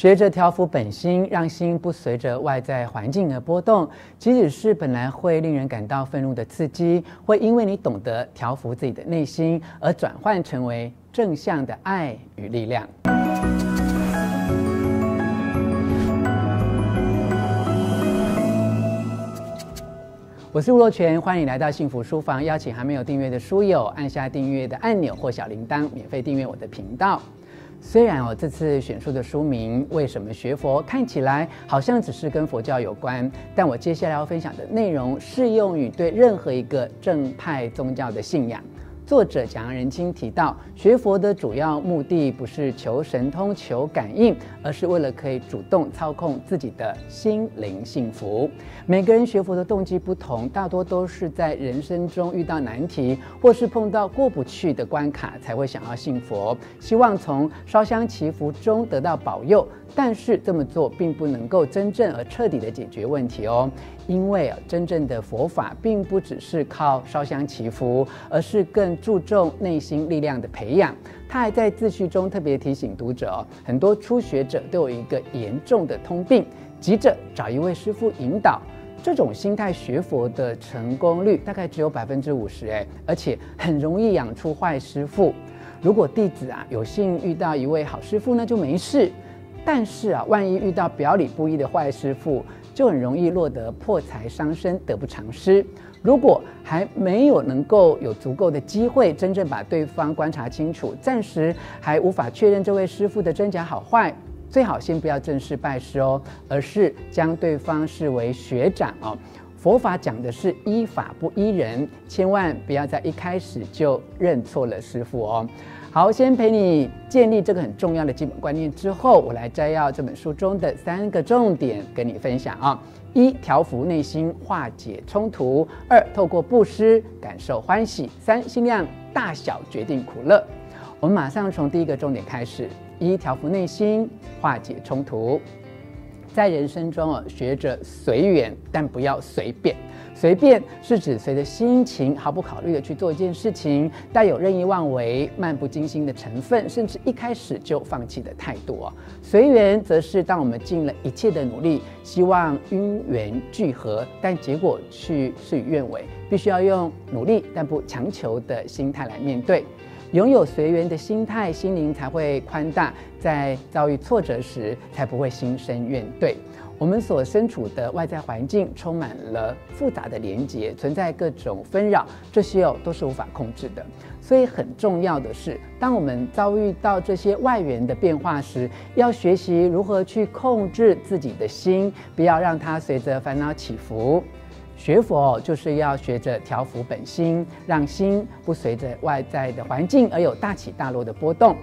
學着調伏本心，讓心不隨着外在環境而波動。即使是本來會令人感到憤怒的刺激，會因為你懂得調伏自己的內心，而轉換成為正向的愛與力量。我是吳若權，歡迎來到幸福書房。邀請還沒有訂閱的書友按下訂閱的按鈕或小鈴鐺，免費訂閱我的頻道。雖然我這次選出的書名《為什麼學佛》看起來好像只是跟佛教有關，但我接下來要分享的內容適用於對任何一個正派宗教的信仰。作者蔣揚仁欽提到，學佛的主要目的不是求神通、求感應，而是為了可以主動操控自己的心靈幸福。每個人學佛的動機不同，大多都是在人生中遇到難題，或是碰到過不去的關卡，才會想要信佛，希望從燒香祈福中得到保佑。但是這麼做並不能夠真正而徹底的解決問題哦。因為啊，真正的佛法並不只是靠燒香祈福，而是更注重內心力量的培養。他還在自序中特別提醒讀者哦，很多初學者都有一個嚴重的通病，急着找一位師父引導。這種心態學佛的成功率大概只有百分之五十誒，而且很容易養出壞師父。如果弟子啊有幸遇到一位好師父，那就沒事。但是啊，萬一遇到表裡不一的壞師父……就很容易落得破財傷身，得不償失。如果還沒有能夠有足夠的機會，真正把對方觀察清楚，暫時還無法確認這位師父的真假好壞，最好先不要正式拜師哦，而是將對方視為學長哦。佛法講的是依法不依人，千萬不要在一開始就認錯了師父哦。好，先陪你建立這個很重要的基本觀念之後，我來摘要這本書中的三個重點跟你分享啊。一、調伏內心，化解衝突；二、透過布施，感受歡喜；三、心量大小決定苦樂。我們馬上從第一個重點開始：一、調伏內心，化解衝突。在人生中啊，學着隨緣，但不要隨便。隨便是指隨着心情毫不考慮的去做一件事情，帶有任意妄為、漫不經心的成分，甚至一開始就放棄的態度。哦，隨緣則是當我們盡了一切的努力，希望因緣聚合，但結果卻事與願違，必須要用努力但不強求的心態來面對。擁有隨緣的心態，心靈才會寬大，在遭遇挫折時才不會心生怨懟。我們所身處的外在環境充滿了複雜的連結，存在各種紛擾，這些哦都是無法控制的。所以很重要的是，當我們遭遇到這些外緣的變化時，要學習如何去控制自己的心，不要讓它隨着煩惱起伏。學佛、哦、就是要學着調伏本心，讓心不隨着外在的環境而有大起大落的波動。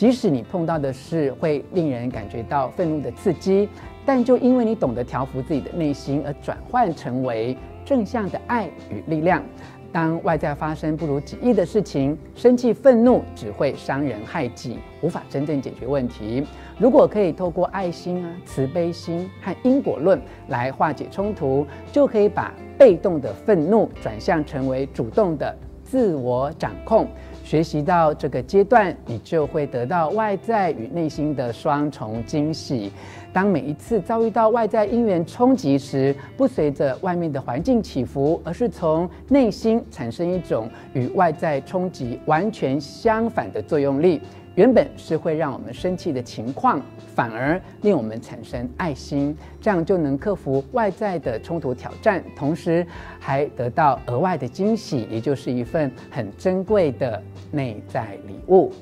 即使你碰到的事會令人感覺到憤怒的刺激，但就因為你懂得調伏自己的內心，而轉換成為正向的愛與力量。當外在發生不如己意的事情，生氣憤怒只會傷人害己，無法真正解決問題。如果可以透過愛心啊、慈悲心和因果論來化解衝突，就可以把被動的憤怒轉向成為主動的自我掌控。學習到這個階段，你就會得到外在與內心的雙重驚喜。當每一次遭遇到外在因緣衝擊時，不隨着外面的環境起伏，而是從內心產生一種與外在衝擊完全相反的作用力。原本是會讓我們生氣的情況，反而令我們產生愛心，這樣就能克服外在的衝突挑戰，同時還得到額外的驚喜，也就是一份很珍貴的。內在禮物，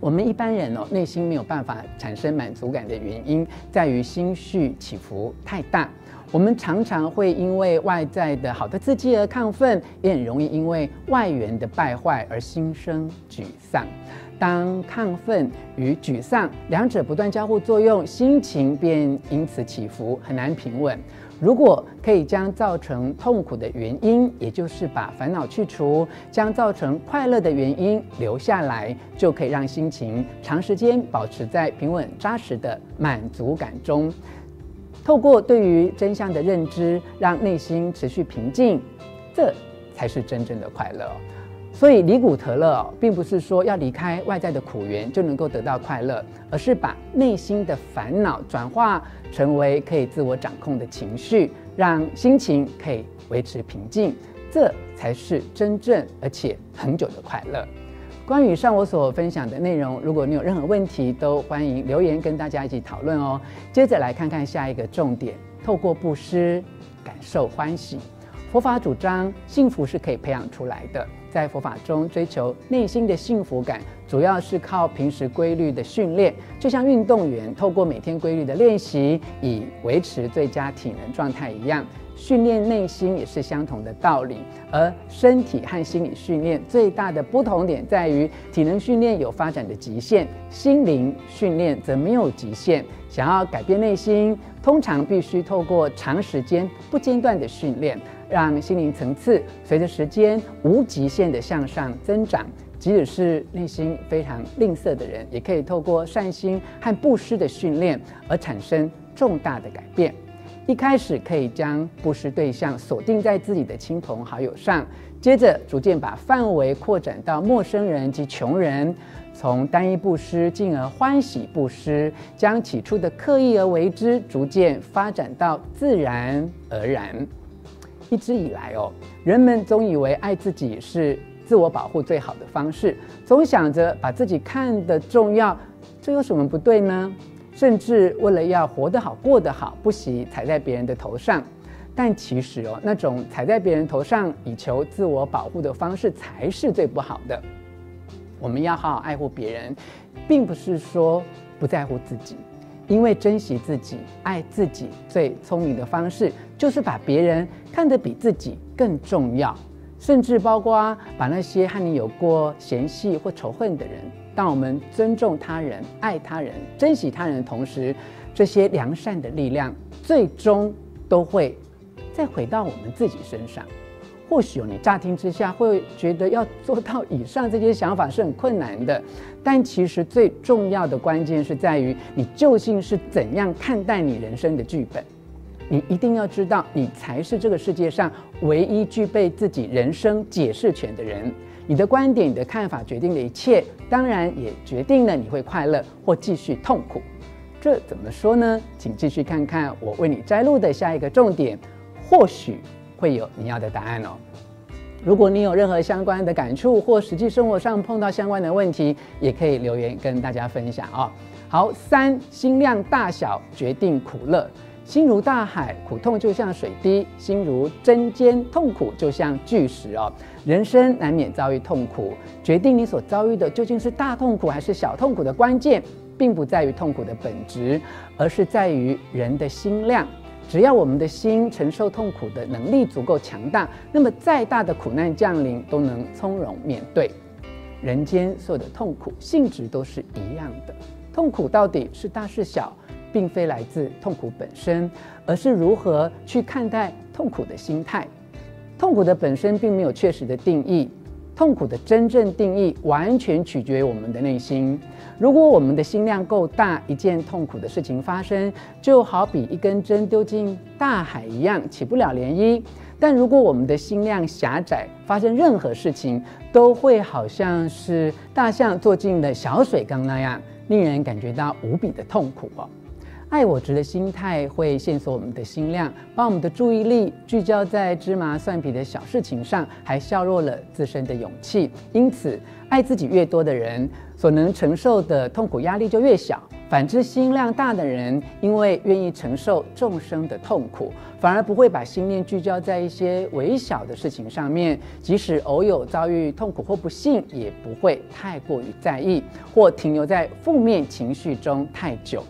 我們一般人哦，內心沒有辦法產生滿足感的原因，在於心緒起伏太大。我們常常會因為外在的好的刺激而亢奮，也很容易因為外緣的敗壞而心生沮喪。當亢奮與沮喪兩者不斷交互作用，心情便因此起伏，很難平穩。如果可以將造成痛苦的原因，也就是把煩惱去除，將造成快樂的原因留下來，就可以讓心情長時間保持在平穩扎實的滿足感中。透過對於真相的認知，讓內心持續平靜，這才是真正的快樂。所以，離苦得樂，並不是說要離開外在的苦源就能夠得到快樂，而是把內心的煩惱轉化成為可以自我掌控的情緒，讓心情可以維持平靜，這才是真正而且恆久的快樂。關於上我所分享的內容，如果你有任何問題，都歡迎留言跟大家一起討論哦。接着來看看下一個重點：透過布施，感受歡喜。佛法主張幸福是可以培養出來的。在佛法中，追求內心的幸福感，主要是靠平時規律的訓練，就像運動員透過每天規律的練習以維持最佳體能狀態一樣，訓練內心也是相同的道理。而身體和心理訓練最大的不同點在於，體能訓練有發展的極限，心靈訓練則沒有極限。想要改變內心，通常必須透過長時間不間斷的訓練。讓心靈層次隨着時間無極限的向上增長。即使是內心非常吝嗇的人，也可以透過善心和布施的訓練而產生重大的改變。一開始可以將布施對象鎖定在自己的親朋好友上，接着逐漸把範圍擴展到陌生人及窮人。從單一布施，進而歡喜布施，將起初的刻意而為之，逐漸發展到自然而然。一直以來哦，人們總以為愛自己是自我保護最好的方式，總想着把自己看得重要，這有什麼不對呢？甚至為了要活得好、過得好，不惜踩在別人的頭上。但其實哦，那種踩在別人頭上以求自我保護的方式才是最不好的。我們要好好愛護別人，並不是說不在乎自己。因為珍惜自己、愛自己最聰明的方式，就是把別人看得比自己更重要，甚至包括把那些和你有過嫌隙或仇恨的人。當我們尊重他人、愛他人、珍惜他人的同時，這些良善的力量最終都會再回到我們自己身上。或許有你，乍聽之下會覺得要做到以上這些想法是很困難的，但其實最重要的關鍵是在於你究竟是怎樣看待你人生的劇本。你一定要知道，你才是這個世界上唯一具備自己人生解釋權的人。你的觀點、你的看法決定了一切，當然也決定了你會快樂或繼續痛苦。這怎麼說呢？請繼續看看我為你摘錄的下一個重點。或許。會有你要的答案哦。如果你有任何相關的感觸或實際生活上碰到相關的問題，也可以留言跟大家分享哦。好，三、心量大小決定苦樂。心如大海，苦痛就像水滴；心如針尖，痛苦就像巨石哦。人生難免遭遇痛苦，決定你所遭遇的究竟是大痛苦還是小痛苦的關鍵，並不在於痛苦的本質，而是在於人的心量。只要我們的心承受痛苦的能力足夠強大，那麼再大的苦難降臨都能從容面對。人間所有的痛苦性質都是一樣的，痛苦到底是大是小，並非來自痛苦本身，而是如何去看待痛苦的心態。痛苦的本身並沒有確實的定義。痛苦的真正定義完全取決於我們的內心。如果我們的心量夠大，一件痛苦的事情發生，就好比一根針丟進大海一樣，起不了漣漪；但如果我們的心量狹窄，發生任何事情，都會好像是大象坐進了小水缸那樣，令人感覺到無比的痛苦哦。愛我執的心態會限縮我們的心量，把我們的注意力聚焦在芝麻蒜皮的小事情上，還削弱了自身的勇氣。因此，愛自己越多的人，所能承受的痛苦壓力就越小。反之，心量大的人，因為願意承受眾生的痛苦，反而不會把心念聚焦在一些微小的事情上面。即使偶有遭遇痛苦或不幸，也不會太過於在意，或停留在負面情緒中太久。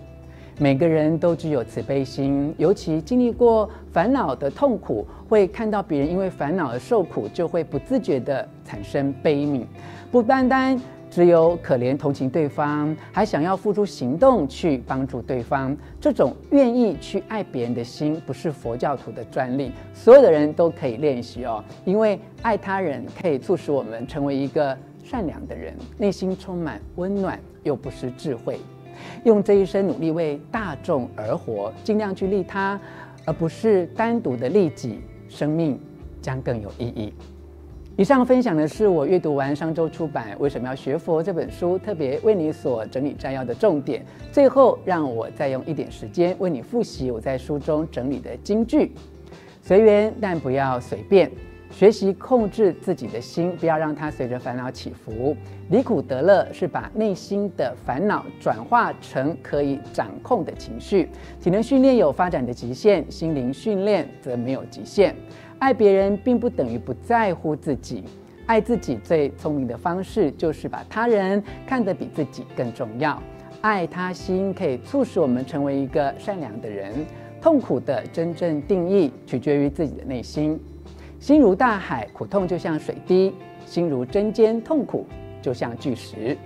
每個人都具有慈悲心，尤其經歷過煩惱的痛苦，會看到別人因為煩惱而受苦，就會不自覺地產生悲憫，不單單只有可憐同情對方，還想要付出行動去幫助對方。這種願意去愛別人的心，不是佛教徒的專利，所有的人都可以練習哦。因為愛他人，可以促使我們成為一個善良的人，內心充滿溫暖，又不失智慧。用這一生努力為大眾而活，盡量去利他，而不是單獨的利己，生命將更有意義。以上分享的是我閱讀完商周出版《為什麼要學佛》這本書，特別為你所整理摘要的重點。最後，讓我再用一點時間為你複習我在書中整理的金句：隨緣，但不要隨便。學習控制自己的心，不要讓它隨着煩惱起伏。離苦得樂是把內心的煩惱轉化成可以掌控的情緒。體能訓練有發展的極限，心靈訓練則沒有極限。愛別人並不等於不在乎自己。愛自己最聰明的方式就是把他人看得比自己更重要。愛他心可以促使我們成為一個善良的人。痛苦的真正定義取決於自己的內心。心如大海，苦痛就像水滴；心如針尖，痛苦就像巨石。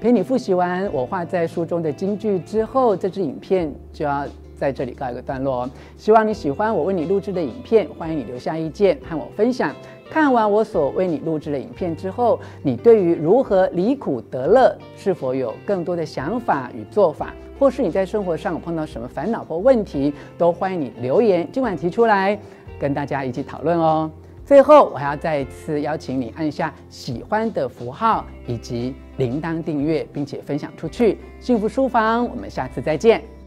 陪你複習完我畫在書中的金句之後，這支影片就要在這裡告一個段落，哦。希望你喜歡我為你錄製的影片，歡迎你留下意見和我分享。看完我所為你錄製的影片之後，你對於如何離苦得樂是否有更多的想法與做法？或是你在生活上碰到什麼煩惱或問題，都歡迎你留言儘管提出來。跟大家一起討論哦。最後，我還要再次邀請你按下喜歡的符號以及鈴鐺訂閱，並且分享出去。幸福書房，我們下次再見。